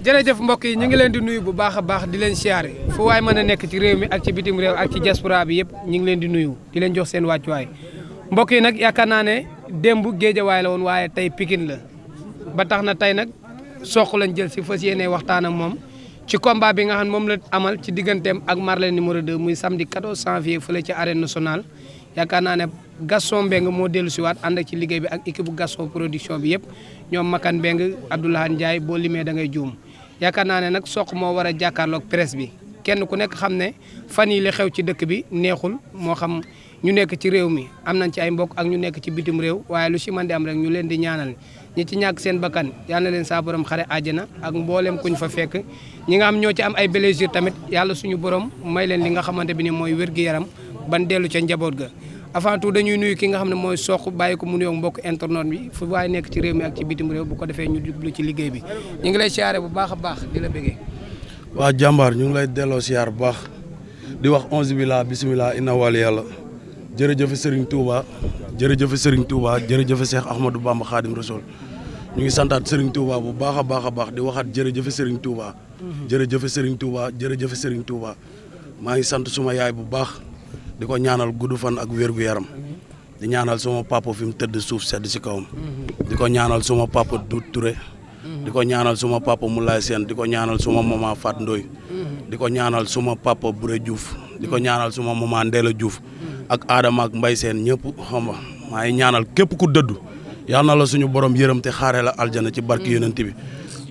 jërëjëf mbokk yi ñu ngi leen di nuyu bu baax baax di leen siyaare fu waay mën a nekk ci réew mi ak ci bitim réew ak ci diaspora bi yëpp ñu ngi leen di nuyu di leen jox seen wàccuwaay mbokk yi nag yaakaar naa ne démb géejawaay la woon waaye tey Pikine la ba tax na tey nag Sokh lañ jël si fas yéene waxtaan ak moom ci combat bi nga xam moom la amal ci digganteem ak Marley numéro 2 muy samedi 14 janvier fële ci arène nationale yaakaar naa ne Gaston Mbengue moo dellu siwaat ànd ci liggéey bi ak équipe Gaston production bi yëpp ñoom Makan Mbengue Abdoulahan Ndiaye boo limee da ngay juum yaakaar naa ne nag soq moo war a jàkkaarloog presse bi kenn ku nekk xam ne fan yi li xew ci dëkk bi neexul moo xam ñu nekk ci réew mi am nañ ci ay mbokk ak ñu nekk ci bitim réew waaye lu ci mën di rek ñu leen di ñaanal ñi ci ñàkk seen bakkan yal na leen saa xare xare na ak mbooleem kuñ fa fekk ñi nga am ñoo ci am ay blessure tamit yàlla suñu borom may leen li nga xamante bi ni mooy wér-gi-yaram ban dellu ca njaboot ga avant tout dañuy nuyu ki nga xam ne mooy soq bàyyi ko mu nuyoog mbokk internet bi fu waaye nekk ci réew mi ak ci bitim réew bu ko defee ñu jublu ci liggéey bi ñu ngi lay siyaare bu baax a baax di la bëggee. waa jàmbaar ñu ngi lay delloo siyaar bu baax di wax onze billah bisimilah inna wal yàlla jërëjëf Serigne Touba jërëjëf Serigne Touba jërëjëf Cheikh Ahmadou Bamba Khadim Rasoul ñu ngi santaat Serigne Touba bu baax a baax a baax di waxaat jërëjëf Serigne Touba. Mhm. jërëjëf Serigne Touba jërëjëf Serigne Touba maa ngi sant suma yaay bu baax. di ko ñaanal gudd fan ak wér-gu-yaram di ñaanal suma papa fi mu tëdd suuf sedd si kawam di ko ñaanal suma papa du Touré di ko ñaanal suma papa Moulay Sène di ko ñaanal suma maman Fat Ndoy di ko ñaanal suma papa Bouré juuf di ko ñaanal suma maman Ndéla Diouf ak Adama ak Mbay Sène ñëpp xam nga maa ngi ñaanal képp ku dëddu yal na la suñu borom yërëm te xaare la aljana ci barki yonent bi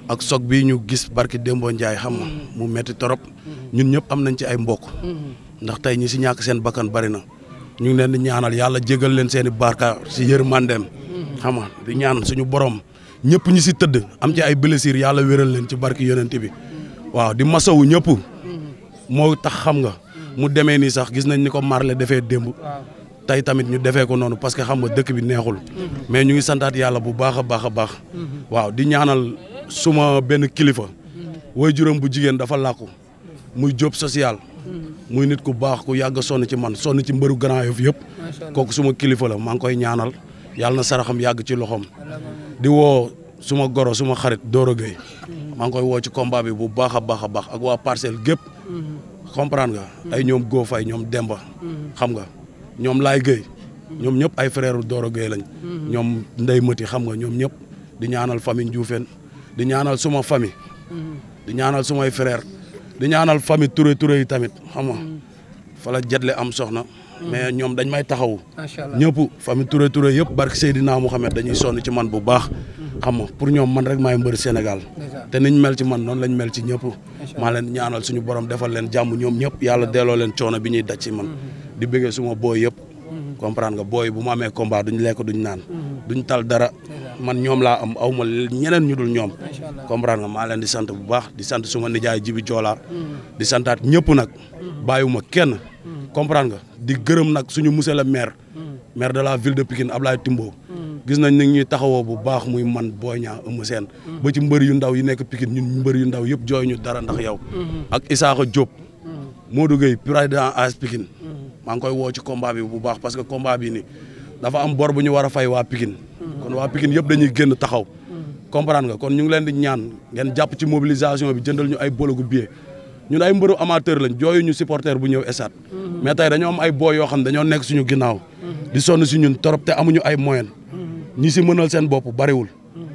ak soog bi ñu gis barki Dembo Ndiaye xam nga mm-hmm. mu metti torop mm-hmm. ñun ñëpp am nañ ci ay mbokk mm-hmm. ndax tey ñi si ñàkk seen bakkan bari na ñu ngi leen di ñaanal yàlla jégal leen seen i barka si yërmandeem xam nga di ñaan suñu borom ñëpp ñi si tëdd am ci ay blessures yàlla wéral leen ci barki yonent bi waaw di masawu ñëpp moo tax xam nga mu demee nii sax gis nañ ni ko marle defee démb tey tamit ñu defee ko noonu parce que xam nga dëkk bi neexul mais ñu ngi santaat yàlla bu baax a baax a baax waaw di ñaanal suma benn kilifa way juróom bu jigéen dafa làqu muy job social muy nit ku baax ku yàgg sonn ci man sonn ci mbaru Grand Yoff yëpp kooku suma kilifa la maa ngi koy ñaanal yàlla na saraxam yàgg ci loxoom di woo suma goro suma xarit Doro Gueye maa ngi koy woo ci combat bi bu baax a baax a baax ak waa parcelle gépp comprendre nga mm-hmm. ay ñoom Go ñoom Demba mm-hmm. xam nga ñoom Laay Gueye mm-hmm. ñoom ñëpp ay frère Doro Gueye lañ ñoom Ndey Mati xam nga ñoom ñëpp di ñaanal famille Dioufène di ñaanal suma famille. di ñaanal sumay frère di ñaanal famille ture Touré yi tamit xam nga fa la jetle am soxna. mais ñoom dañ may taxaw macha allah ñëpp famille Touré Touré yëpp barke Seydina Mouhamed dañuy sonn ci man bu baax. xam nga pour ñoom man rek maay mbër Sénégal. te niñ mel ci man noonu lañ mel ci ñëpp. maa leen ñaanal suñu borom defal leen jàmm ñoom ñëpp yàlla delloo leen coono bi ñuy daj ci man. Mm-hmm. di bëggee suma booy yëpp. Mm-hmm. comprendre nga booy bu ma amee combat duñ lekk duñ naan. Mm-hmm. duñ tal man ñoom laa am aw ma ñeneen ñu dul ñoom comprendre maa leen di sant bu baax di sant suma nijaay jibi joolaa di santaat ñëpp nag bàyyiwuma kenn comprendre di gërëm nag suñu monsieur le maire maire de la ville de Pikine Ablaye Timbo gis nañ ni ñuy taxawoo bu baax muy man Boy Niang Eumeu Sène ba ci mbër yu ndaw yi nekk Pikine ñun mbër yu ndaw yëpp jooy ñu dara ndax yow ak Isaaxa Diop moo Gueye président AS Pikine maa ngi koy woo ci combat bi bu baax parce que combat bi ni dafa am bor bu ñu war a fay waa Pikine kon waa Pikine yëpp dañuy génn taxaw comprendre nga kon ñu ngi leen di ñaan ngeen jàpp ci mobilisation bi jëndal ñu ay bologu billet ñun ay mbëru amateur lañ jooyu ñu supporter bu ñëw esat mais tey dañoo am ay boo yoo xam dañoo nekk suñu ginnaaw di sonn si ñun torop te amuñu ay moyen ñi si mënal seen bopp bariwul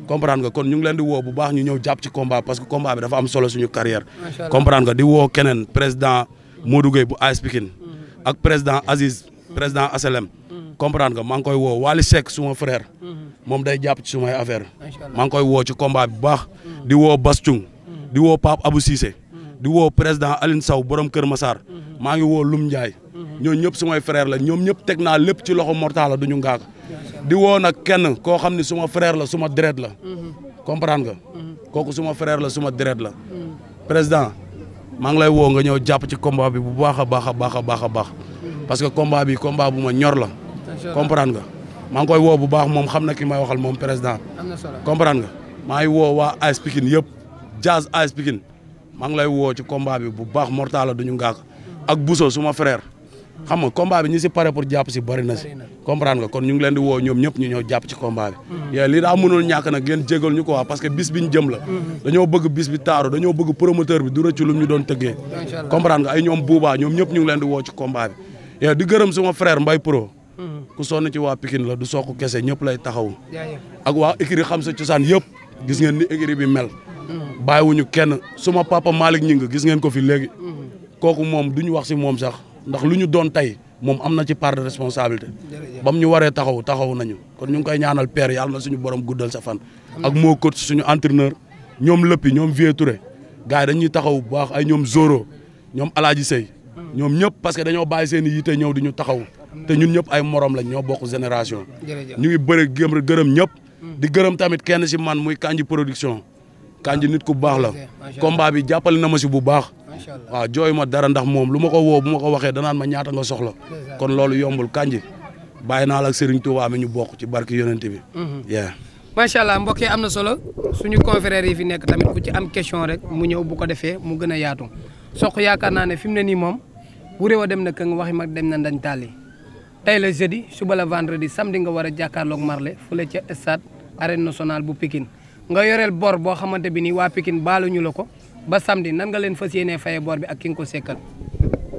comprendre nga kon ñu ngi leen di woo bu baax ñu ñëw jàpp ci combat parce que combat bi dafa am solo suñu carrière comprendre nga di woo keneen président Modou Gueye bu AS Pikine ak président Aziz président ASLM comprendre nga maa ngi koy woo Waly Seck suma frère. Mhm. moom day jàpp ci suma affaire maa ngi koy woo ci combat bu baax. Mhm. di woo Bass mhm. di woo Pape Abou Cissé. di woo président Aline Sow borom Kër Massar. maa ngi woo Lum Ndiaye. ñooñu ñëpp sumay frère la ñoom ñëpp teg naa lépp ci loxo Mortala la du ñu ngaak di woo nag kenn koo xam ne suma frère la suma deret la. comprendre nga. kooku suma frère la suma deret la. président maa ngi lay woo nga ñëw jàpp ci combat bi bu baax a baax a baax a baax a baax. parce que combat bi combat bu ma ñor la. comprendre nga maa ngi koy woo bu baax moom xam na ki may waxal moom président comprendre nga maa ngi woo waa AS Pikine yëpp Jazz AS Pikine maa ngi la woo ci combat bi bu baax mortala duñu ngaak ak Bousso suma frère xam nga combat bi ñi si pare pour jàpp si bari na si comprendre kon ñu ngi leen di woo ñoom ñëpp ñu ñëw jàpp ci combat bi mm-hmm. yee lii daa mënul ñàkk nag ngeen jégal ñu ko waa parce que bis biñ jëm la mm-hmm. dañoo bëgg bis bi taaru dañoo bëgg promoteur bi du rëcc ñu doon tëggee comprendre nga ay ñoom buubaa ñëpp ñu ngi leen di woo ci combat bi yee di gërëm suma frère Mbaye ku na ci waa pikin la du sooku kese ñëpp lay taxaw ak waa écurie xam sa cosaan yëpp gis ngeen ni écurie bi mel bàyyiwuñu kenn suma papa Malick Ngingue gis ngeen ko fi léegi kooku moom duñu wax si moom sax ndax lu ñu doon tey moom am na ci part de responsabilité bam ñu waree taxaw taxaw nañu kon ñu ngi koy ñaanal père yàlla na suñu borom guddal sa fan ak moo coach suñu entraîneur ñoom lëppi ñoom Vieux Touré gars yi dañuy taxaw bu baax ay ñoom Zoro ñoom Alaaji Sey hmm. ñoom ñëpp parce que dañoo bàyyi seen i ñëw di ñu taxaw te ñun ñëpp ay morom lañ ñoo bokk génération ñu ngi bëri gëm gërëm ñëpp di gërëm tamit kenn si man muy Kandji production Kandji nit ku baax la combat bi jàppale na ma si bu baax waaw jooy ma dara ndax moom lu ma ko woo bu ma ko waxee danaan ma ñaata nga soxla kon loolu yombul Kandji bàyyi naa la ak Serigne Touba mi ñu bokk ci barki yonente bi mhm. macha allah mbokk yi am na solo suñu confrères yi fi nekk tamit ku ci am question rek mu ñëw bu ko defee mu gën a yaatu soq yaakaar naa ne fi mu ne nii moom bu réew a dem na këng waxi mag dem na ndañ tey la jeudi suba la vendredi samedi nga war a jàkkaarloog Marley fële ca stade arène nationale bu Pikine nga yoreel boor boo xamante bi nii waa Pikine ñu la ko ba samedi nan nga leen fas yéenee faye boor bi ak ki nga ko sekkal.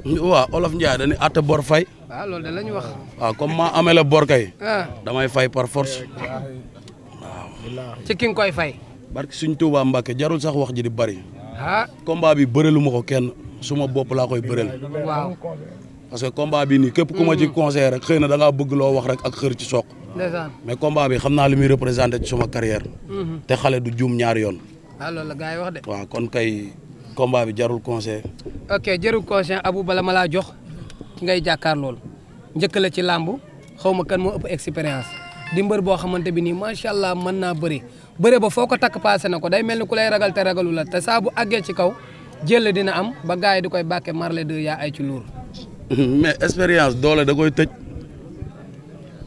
waaw olof Ndiaye dañuy àtte bor fay. waaw la ñu wax. waaw comme amee la bor kay. Ah. damay fay par force. waaw. ci ki koy fay. barke suñ Tuubaa Mbàkke jarul sax wax ji di bari. ah combat bi bërelu ko kenn suma bopp laa koy bërel. waaw. parce que combat bi nii képp ku ma ci mm. conseil rek xëy na da bëgg loo wax rek ak xër ci soq. mais combat bi xam naa li muy représenté ci suma carrière. Mm-hmm. te xale du jum ñaari yoon. waaw ah, loolu la gars yi wax de. waaw kon kay combat bi jarul conseil. ok jarul conseil Abou bala malaa jox ngay jàkkaar lool njëkk la ci làmb xaw ma kan moo ëpp expérience di boo xamante bi nii macha allah mën naa bëri bëri ba foo ko takk paase na ko day mel ni ku lay ragal te ragalu la te saa bu àggee ci kaw jël dina am ba yi di koy bàkkee marle ay ci luur. Mhm. mais expérience doole da koy tëj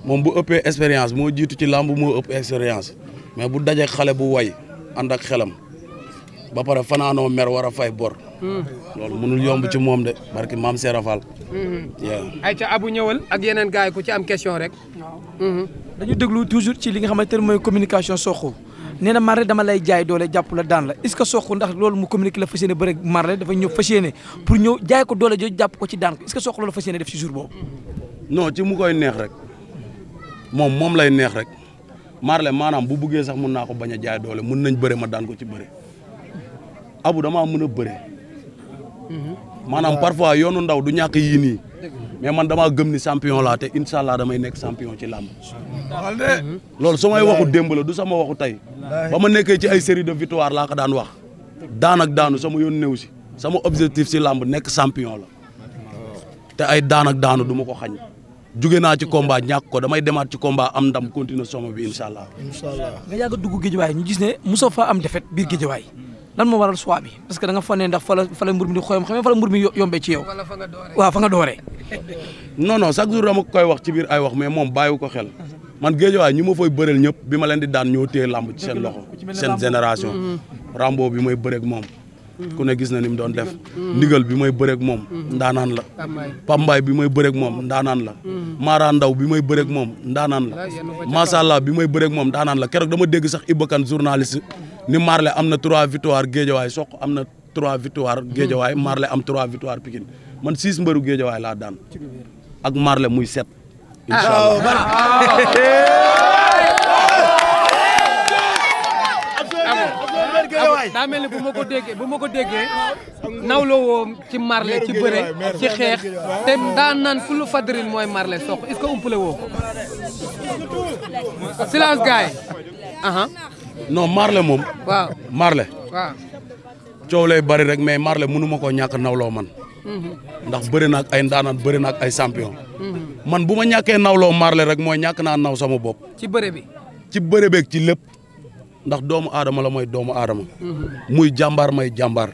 moom bu ëppe expérience moo jiitu ci làmb moo ëpp expérience mais bu dajee xale bu way ànd ak xelam ba pare fanaanoo mer war a fay bor. Mhm. loolu mënul yomb ci moom de barki maam Serap Fall. Mhm. ay ca abu ñëwal ak yeneen gars yi ku ci am question rek. dañu déglu toujours ci li nga xamante ne mooy communication Sokh nee na Marley dama lay jaay doole jàpp la daan la est ce que Sokh ndax loolu mu communiqué la fas yéene bëre Marley dafa ñëw fas yéene ñëw jaay ko doole jooju jàpp ko ci daan ko est ce que Sokh loolu fas yéene def ci boobu. non ci mu koy neex rek moom moom lay neex rek marle maanaam bu buggee sax mun naa ko bañ a jaay doole mun nañ bëre ma daan ko ci bare abu dama mën a bëre. Mhm. maanaam parfois yoonu ndaw du ñàkk yii nii. mais man damaa gëm ni champion laa te incha allah damay nekk champion ci làmb. loolu samay waxu démb la du sama waxu tey ba ma nekkee ci ay série de victoire laa ko daan wax daanak daanu sama yoon néew si sama objectif si lamb nekk champion la te ay daanak daanu du ma ko xañ jóge naa ci combat ñàkk ko damay demaat ci combat am ndam continuer sama bi incha allah. incha allah nga yàgg dugg géejawaay ñu gis ne Moussa fa am defet biir géejawaay lan moo waral choix parce que da nga fa ne fa la fa la mbir mi di xoyom xamee fa la mbir koy wax ci biir ay wax mais moom bàyyiwu ko xel. man géejawaay ñi ma fay bëreel ñëpp bi ma leen di daan ñoo téye làmb ci seen loxo seen génération. Mm-hmm. Rambo bi may bëreeg moom. Mm-hmm. ku ne gis na ni mu doon def. Mm-hmm. ndigal bi may bëreeg moom. ndaanaan la. pambaay bi may bëreeg moom ndaanaan la. Mara Ndaw bi may bëreeg moom ndaanaan la. Masalla bi may bëreeg moom ndaanaan la keroog dama dégg sax Ibakan journaliste ni Marley am na trois victoires Géejawaay Sokh am na trois victoires hmm. Géejawaay Marley am trois victoires Pikine man six mbëru Géejawaay laa daan ak Marley muy set incha ah, ni bu ma ko déggee bu ma ko déggee ci Marley ci bëre ci xeex te daa naan fu mooy Marley Sokh est-ce que umpale woo silence gaay non Marley moom. waaw Marley. waaw coow lay bari rek mais Marley mënu ma koo ñàkk nawloo man. Mm-hmm. ndax bëri na ay ndaanaan bëri na ay champion. Mm-hmm. man bu ma ñàkkee nawloo Marley rek mooy ñàkk naa naw sama bopp. ci bëre bi. ci bëre beeg ci lépp. ndax doomu aadama la mooy doomu aadama. Mm-hmm. muy jàmbaar may jàmbaar.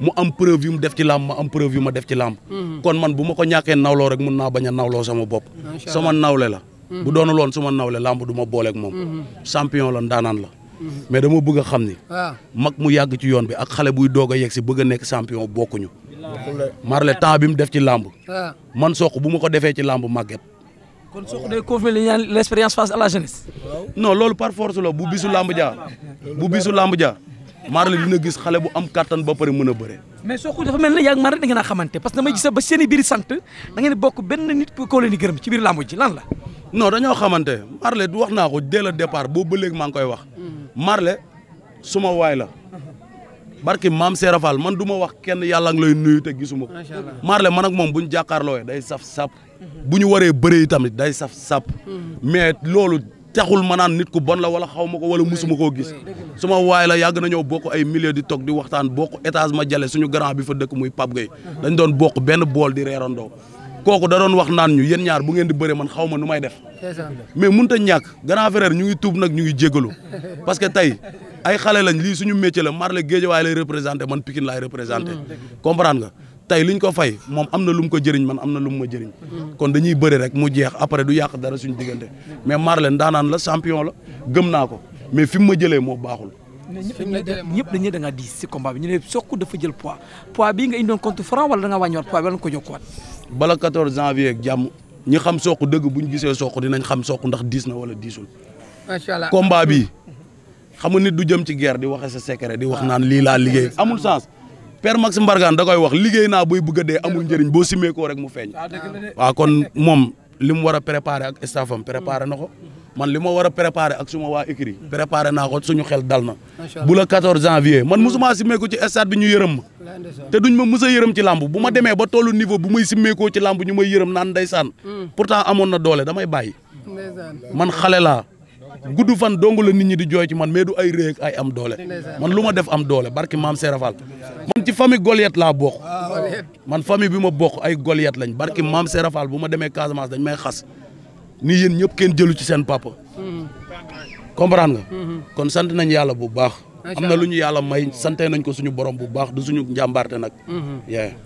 mu am preuve yu def ci làmb ma am preuve yu ma def ci làmb. kon man bu ma ko ñàkkee nawloo rek mun naa bañ a nawloo sama bopp. sama nawle la. bu doonu loon suma nawle làmb du ma booleeg moom. champion la ndaanaan la. mais dama bëgg a xam ni. Ah. mag mu yàgg ci yoon bi ak xale buy doog a yegg si bëgg a nekk champion bokkuñu. Marley temps bi mu def ci lamb ah. man soq bu ma ko defee ci lamb màgget. kon soq day confirmer li ñaan l'expérience face à la jeunesse. non loolu par force la bu bisu làmb jaa bu bisu làmb jaa Marley dina gis xale bu am kattan ba pare mën a bëre. mais soq dafa mel ne yaa ngi Marley da ngeen a xamante parce que damay gis ba seen biir sant da ngeen bokk benn nit koo leen gërëm ci biir làmb ji lan la. non dañoo xamante Marley wax naa ko dès le départ boobu ba maa ngi koy wax. Marley suma waay la barki maam Seera Fall man du ma wax kenn yàlla ngi lay nuyu te gisuma ko. Marley man ak moom bu ñu jàkkaarloo day saf sap. bu ñu waree bëree yi tamit day saf sap. mais loolu taxul ma naan nit ku bon la wala xaw ma ko wala musuma koo gis. suma waay la yàgg nañoo bokk ay milliers di toog di waxtaan bokk étage ma jale suñu grand bi fa dëkk muy Pape Gueye. dañ doon bokk benn bool di reerandoo. kooku da wax naan ñu yéen ñaar bu ngeen di bëre man xaw nu may def mais mënut a ñàkk grand frère ñu ngi tuub nag ñu ngi jéggalu parce que tey ay xale lañ lii suñu métier la Marley Guédiawaye lay représenté man Pikine laay représenté mm-hmm. comprendre nga tey liñ ko fay moom am na lu mu ko jëriñ man am na lu mu ma jëriñ mm-hmm. kon dañuy bëri rek mu jeex après du yàq dara suñu diggante mais Marley daanaan la champion la gëm naa ko mais fi mu ma jëlee moo baaxul ñëpp dañ ne da ngaa diis si combat ñu dafa jël poids poids bii nga indoon compte da nga wàññiwaat poids bi wala nga ko jokkuwaat bala 14 janvier ak jàmm ñi xam soq dëgg bu ñu gisee soq dinañ xam soq ndax diis na wala diisul. macha allah combat bi xam nga nit du jëm ci guerre di waxe sa secret di wax naan lii laa liggéey amul sens. Père Max Mbargane da koy wax liggéey naa buy bëgg a dee amul njëriñ boo simee rek mu feeñ. Ah, waa kon moom li mu war a préparer ak staffam préparer na ko. man li ma war a préparé ak suma waa écrit préparé na ko suñu xel dal na bu la 14 janvier man mosumaa simmeeku ci stade bi ñu yërëm ma te duñ ma musa a yërëm ci làmb bu ma demee ba tollu niveau bu may simmeekoo ci làmb ñu ma may yërëm naan ndeysaan hmm. pourtant amoon na doole damay bàyyi man xale laa gudd fan dong la nit ñi di jooy ci man mais du ay réeg ay am doole man lu ma def am doole barki maam Serafal man ci famille Goliath laa bokk ah, man famille bi ma bokk ay Goliath lañ barki maam Serafal bu ma demee Casamance dañ may xas ni yéen ñëpp kenn jëlu ci seen papa. comprendre nga. Mhm. kon sant nañ yàlla bu baax. am na lu ñu yàlla may sante nañ ko suñu borom bu baax du suñu njàmbaarte nag. Mhm.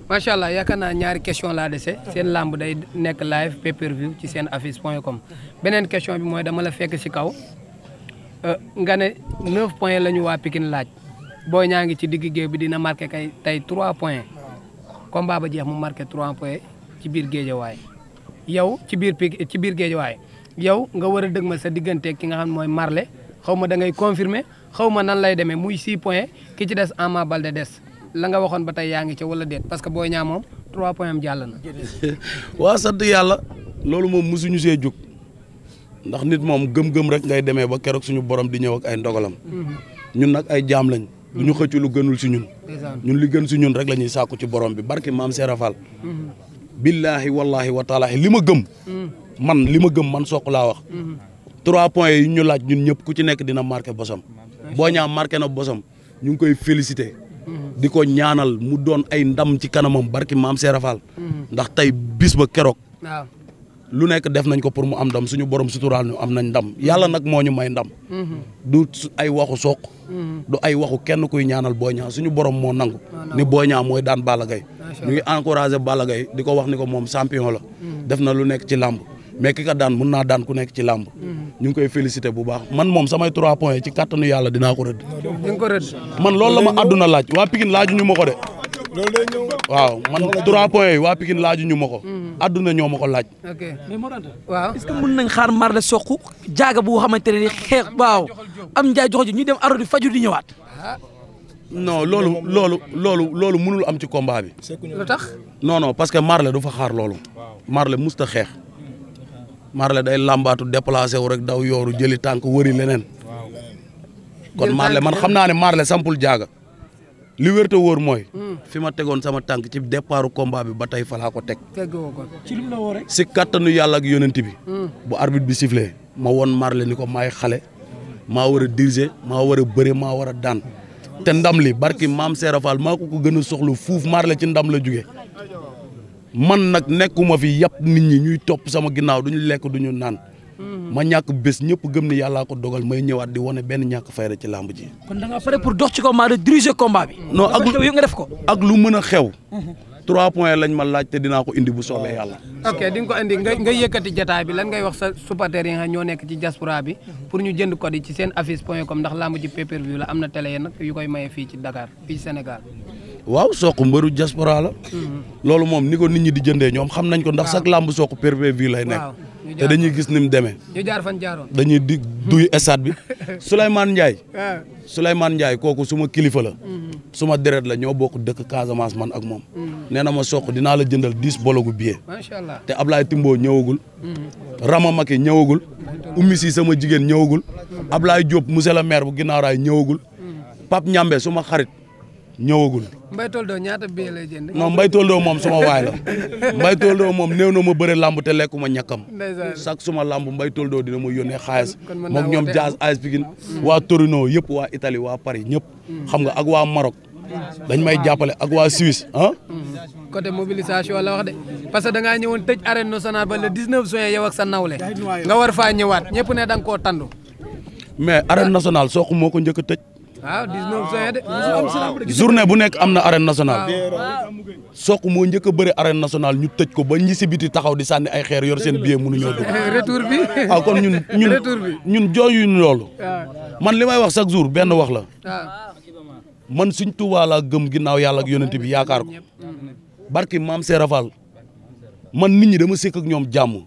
macha allah yaakaar naa ñaari question laa dese seen làmb day nekk live pay ci seen affiche point com beneen question bi mooy dama la fekk si kaw euh, nga ne 9 points lañu waa Pikine laaj boo ñaa ngi ci digg géew bi dina marqué kay tey 3 points combat ba jeex mu marqué 3 points ci biir géejawaay. yow ci biir Pikine ci biir Guédiawaye yow nga war a dëgmal sa diggante ki nga xam mooy marle xaw ma da ngay confirmer xaw ma nan lay demee muy 6 point ki ci des Ama Baldé des la nga waxoon ba tey yaa ngi ca wala déet parce que Boy Niang moom 3 points am jàll na. waa sant yàlla loolu moom mosuñu see jóg ndax nit moom gëm-gëm rek ngay demee ba keroog suñu borom di ñëw ak ay ndogalam. Mm-hmm. ñun nag ay jaam lañ. du ñu mm-hmm. xëcc lu gënul si ñun. ñun li gën si ñun rek la ñuy sàkku ci borom bi barki maam Serafal. billaahi wallaahi wa taalaahi li ma gëm. man li ma gëm man sook laa wax. trois points yi ñu laaj ñun ñëpp ku ci nekk dina marqué bosam. boo ñaa marqué na bosam ñu ngi koy félicité. di ko ñaanal mu doon ay ndam ci kanamam barki maam Serafal. ndax tey bis ba keroog. lu nekk def nañ ko pour mu am ndam suñu borom suturaal ñu am nañ ndam yàlla nag moo ñu may ndam. du ay waxu soq. du ay waxu kenn kuy ñaanal Boy Niang suñu borom moo nangu. ni Boy Niang mooy daan Balla Gaye ñu ngi encouragé Balla Gaye di ko wax ni ko moom champion la. Mm. def na lu nekk ci làmb mais ki ka daan mun naa daan ku nekk ci làmb. Mm. ñu ngi koy bu baax man moom samay trois points ci kàttanu yàlla dinaa ko rëdd. man loolu la ma àdduna laaj waa Pikine laaj ñu ma de. loolu waaw man trois point yi waa Pikine laaju ñu ma ko. Mm-hmm. adduna ñoo ma laaj. ok mais Moranta waaw est-ce que mën nañ xaar Marley Sokh jaaga bu xamante ne xeex waaw am njaay joxoju ñu dem aro di faju di ñëwaat. non loolu loolu loolu loolu mënul am ci combat bi. lu tax. non parce que Marley du fa xaar loolu. Marley musta xeex. Marley day làmbaatu déplacé wu rek daw yooru jëli tànk wëri leneen. kon Marley man xam naa ne Marley sampul jaaga. li wér mooy. Hmm. fi ma tegoon sama tànk ci départu combat bi ba tey fa laa ko teg. ko ci lim si kattanu yàlla ak yonent bi. Hmm. bu arbitre bi sifflé ma woon Marley ni ko maay xale. maa war a diriger maa war a bëre maa war a daan. te ndam li barki maam Serap Fall maa ko ko gën a soxla fuuf Marley ci ndam la jugee. man nag nekkuma fi yàpp nit ñi ñuy topp sama ginnaaw duñu lekk duñu naan. Mm-hmm. ma ñàkk bés ñëpp gëm ne yàllaa ko dogal may ñëwaat di wane benn ñàkk fayda ci làmb ji. kon da nga pare pour dox ci combat de diriger combat bi. non nga def ko. ak lu mën a xew. Mm-hmm. trois points lañ ma laaj te dinaa ko indi bu soobee yàlla. ok ko indi nga nga yëkkati jotaay bi lan ngay wax sa supporters yi nga ñoo nekk ci diaspora bi pour ñu jënd code yi ci seen affiche point com ndax làmb ji pay-per-view la am na télé nag yu koy maye fii ci Dakar fii ci Sénégal. waaw Sokh mbëru diaspora la. Mm-hmm. loolu moom ni ko nit ñi di jëndee ñoom xam nañ ko ndax sax làmb Sokh pay-per-view lay nekk. te dañuy gis ni mu demee. jaar fan dañuy di duy stade bi Souleymane Ndiaye. Ah. Souleymane Ndiaye kooku suma kilifa la. Mm-hmm. suma deret la ñoo bokk dëkk Casamance man ak moom. Mm-hmm. nee na ma soq dinaa la jëndal diis bologu billet. macha allah te Ablaye Timbo ñëwagul. Mm-hmm. Rama Maki ñëwagul. Oumy Si sama jigéen ñëwagul. ab Diop monsieur le maire bu ginnaaw raay ñëwagul. Pape Ñambe suma xarit. ñëwagul. Mbaye Toldo ñaata bee lay jënd. non Mbaye Toldo moom sama waay la Mbaye Toldo moom néew na ma bëre làmb te ma ñàkkam. sak suma lamb Mbaye Toldo dina ma yónnee xaalis. moom ñoom Diaz AS Pikine waa Torino yëpp waa Italie waa Paris ñëpp. xam nga ak waa Maroc. dañ may jàppale ak waa Suisse ah. côté mobilisation la wax de parce que da ngaa ñëwoon tëj arène nationale ba le 19 juin yow ak sa nawle nga war faa ñëwaat ñëpp ne da nga koo tandu. mais arène nationale soog moo ko njëkk a Ah, waaw 19 juin de. bu nekk am na arène nationale. Sokh moo njëkk a bëri arène nationale ñu tëj ko ba ñi si biti taxaw di sànni ay xeer yor seen billet mënuñoo dugg. retour bi. waaw ah, kon ñun ñun ñun jooyuñu ah. man li may wax chaque jour benn wax la. man suñ Tuubaa laa gëm ginnaaw yàlla ak yonent bi yaakaar ko. barki maam Serafal man nit ñi dama sekk ak ñoom jàmm.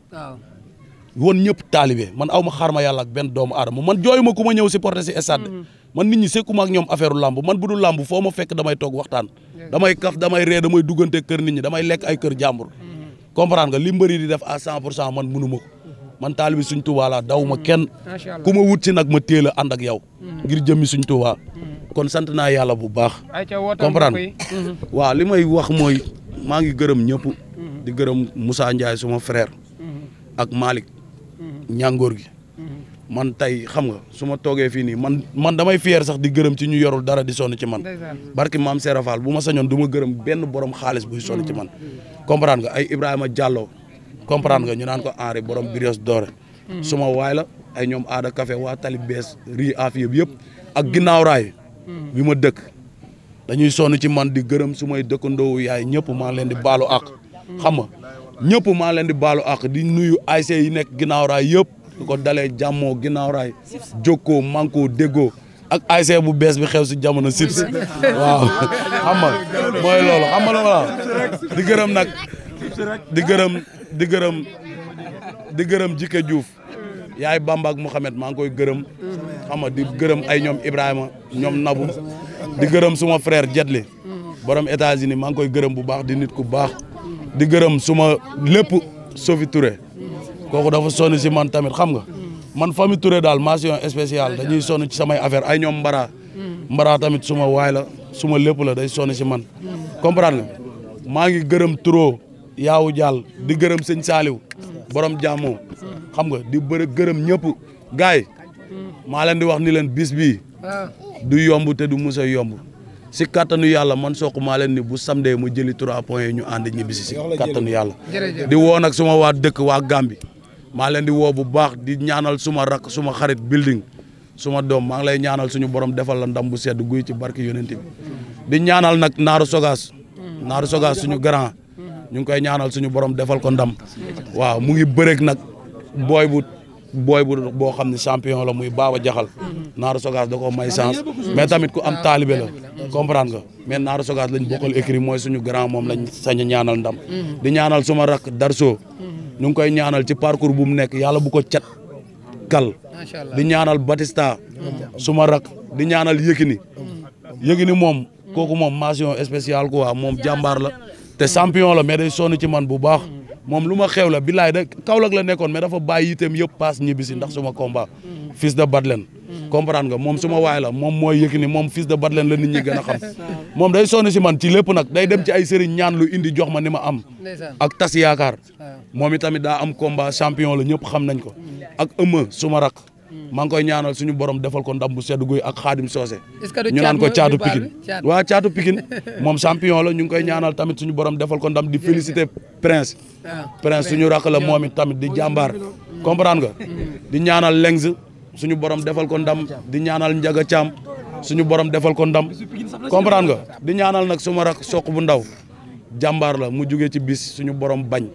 woon ñëpp taalibe man aw ma xaar ma yàlla ak benn doomu aadama man jooyuma ku ma ñëw si porté si stade mm-hmm. man nit ñi sekkuma ak ñoom affaire làmb man bu dul làmb foo ma fekk damay toog waxtaan damay kaf damay ree damay duggante kër nit ñi damay lekk ay kër jàmbur mm-hmm. comprendre nga li mbëri di def a cent pour cent man mënuma ko mm-hmm. man taalibe suñ Tuubaa laa daw ma kenn ma wut si nag ma téel a ànd ak yow ngir jëmmi suñ Tuubaa kon sant naa yàlla bu baax comprendre waa li may wax mooy maa ngi gërëm ñëpp di gërëm Moussa Ndiaye suma frère ak Malick ñàngoor gi. man tey xam nga su ma toogee fii nii man man damay fier sax di gërëm ci ñu yorul dara di sonn ci man. barki maam Serafal bu ma sañoon du ma gërëm benn borom xaalis buy sonn ci man. comprendre nga ay Ibrahima jàlloo comprendre nga ñu naan ko Henri borom Brioche Dorée. suma waay la ay ñoom aada café waa tali bees rii afiya bi yëpp ak ginnaaw raay bi ma dëkk dañuy sonn ci man di gërëm su may dëkkandoo yaay ñëpp maa leen di baalo ak xam nga ñëpp maa leen di baalu ak di nuyu ASC yi nekk ginnaaw raay yëpp su ko dalee jàmmoo ginnaaw raay jokkoo manko ak ASC bu bees bi xew si jamono sips waaw xam nga mooy loolu xam di gërëm nag di gërëm di gërëm di gërëm Jike Diouf yaay bambak ak Mouhamed maa ngi koy gërëm xam di gërëm ay ñoom Ibrahima ñoom Nabou di gërëm suma frère Jetli borom États-Unis maa ngi koy gërëm bu baax di nit ku baax di gërëm suma lépp Sophie Touré kooku dafa sonn si man tamit xam nga man famille Touré daal mention spéciale dañuy sonn ci samay affaire ay ñoom Mbara. Mbara tamit suma waay la suma lépp la day sonn si man comprendre nga maa ngi gërëm turo yaaw jàll di gërëm sëñ Saaliw borom jàmmoo xam nga di bëri gërëm ñëpp gaay maa leen di wax ni leen bis bii ah. du yomb te du mus yomb si kattanu yàlla man Sokh maa leen ni bu samedi mu jëli trois points yi ñu ànd ñibbi si si kattanu yàlla di woo nag suma waa dëkk waa Gàmbi maa leen di woo bu baax di ñaanal suma rak suma xarit building suma doom maa ngi lay ñaanal suñu borom defal la ndam bu sedd guy ci barki yonent bi di ñaanal nag naaru sogaas naaru sogaas suñu grand ñu ngi koy ñaanal suñu borom defal ko ndam waaw mu ngi bëreeg nag booy bu booy bu boo xam ne champion la muy Baba Jaxal Naaru Sogas da ko may chance mais tamit ku am taalibe la comprendre nga mais Naaru Sogas lañ bokkal écrit mooy suñu grand moom lañ sañ a ñaanal ndam di ñaanal suma rak Darso ñu ngi koy ñaanal ci parcours bu mu nekk yàlla bu ko cat kal di ñaanal Batista suma rak di ñaanal Yékini Yékini moom kooku moom mention spéciale quoi moom jàmbaar la te champion la mais day sonn ci man bu baax moom lu ma xew la billaay da Kaolack la nekkoon mais dafa bàyyi yëpp paas ñibbi si ndax suma combat fils de Badlen comprendre nga moom suma waay moom mooy Yékini moom fils de Badlen la nit ñi gën a xam moom day sonn si man ci lépp nag day dem ci ay sëriñ lu indi jox ma ni ma am ak tas yaakaar moom itamit daa am combat champion la ñëpp xam nañ ko ak ëma suma rak maa ngi koy ñaanal suñu borom defal ko ndam bu sedd guy ak xaadim soose ñu naan ko caatu pikin waa caatu pikin moom champion la ñu ngi koy ñaanal tamit suñu borom defal ko ndam di féliciter prince ah, prince suñu rakk la moom it tamit di jàmbaar mm. comprendre nga mm. di ñaanal lengs suñu borom defal ko ndam di ñaanal njaga caam suñu borom defal ko ndam comprendre nga di ñaanal nag suma rak soq bu ndaw jàmbaar la mu juge ci bis suñu borom bañ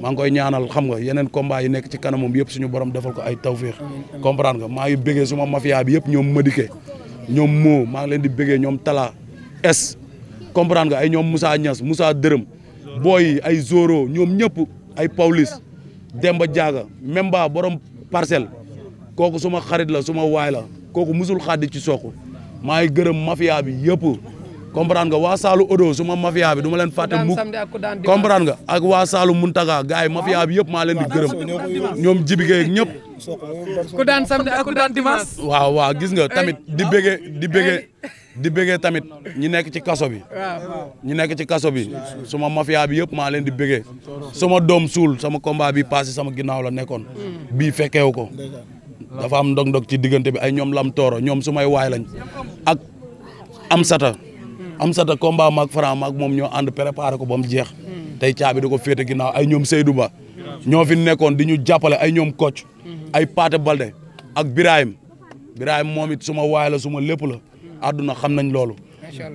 maa ngi koy ñaanal xam nga yeneen combat yi nekk ci kanamam yëpp suñu borom defal ko ay tawféex comprendre nga maa ngi bëggee suma mafia bi yëpp ñoom Madické ñoom moo maa ngi leen di bëggee ñoom Tala es comprendre nga ay ñoom Moussa Niass Moussa Dërëm booy ay Zoro ñoom ñëpp ay Paulis Demba Diaga même ba borom parcelle kooku suma xarit la suma waay la kooku musul xaddi ci soq maa ngi gërëm mafia bi yëpp comprendre nga waa Saalu Odo su ma duma bi du ma leen fàtte mukk comprendre nga ak waa Saalu Muntaga gaay yi mafia bi yëpp maa leen di gërëm ñoom jibigee ak ñëpp ku daan samedi ak gis nga tamit di bëggee di bëggee di bëggee tamit ñi nekk ci kaso bi nekk ci kaso bi suma mafia bi yëpp maa leen di bëggee suma doom suul sama combat bi passé sama ginnaaw la nekkoon hmm. bii fekkeewu ko dafa am ndog-ndog ci diggante bi ay ñoom lam tooro ñoom su may waay lañ ak am am sata combat maag Franc maag moom ñoo ànd préparé ko ba jeex tey caabi da ko féete ginnaaw ay ñoom Seydou Ba ñoo fi nekkoon di ñu jàppale ay ñoom koc ay Paate Balde ak Birahim Birahim moom it suma waay la suma lépp la àdduna xam nañ loolu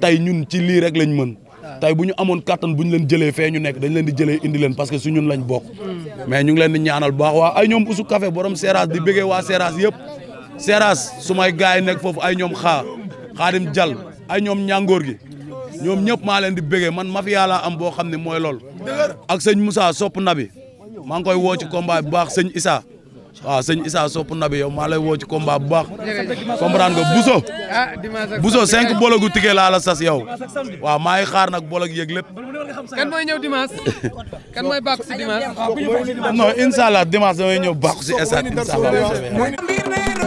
tey ñun ci lii rek lañ mën tey bu ñu amoon kattan bu ñu leen jëlee fee ñu nekk dañu leen di jëlee indi leen parce que su ñun lañ bokk mais ñu ngi leen di ñaanal baax waa ay ñoom usu café borom Seras di bëggee waa Seras yëpp Seras su gars yi nekk foofu ay ñoom xaa xaadim jal ay ñoom ñàngoor gi ñoom ñëpp maa leen di bëggee man mafia laa am boo xam ne mooy loolu ak sëñ Moussa sop nabi maa ngi koy woo ci combat bu baax sëñ Issa waaw sëñ Issa sopp nabi yow maa lay woo ci combat bu baax comprendre nga Bousso Bousso cinq bologu ticket laa la sas yow waaw maa ngi xaar nag bolog yëg lépp kan mooy ñëw dimanche kan mooy bàkku si dimanche non incha allah dimanche damay ñëw bàkku si instant incha allah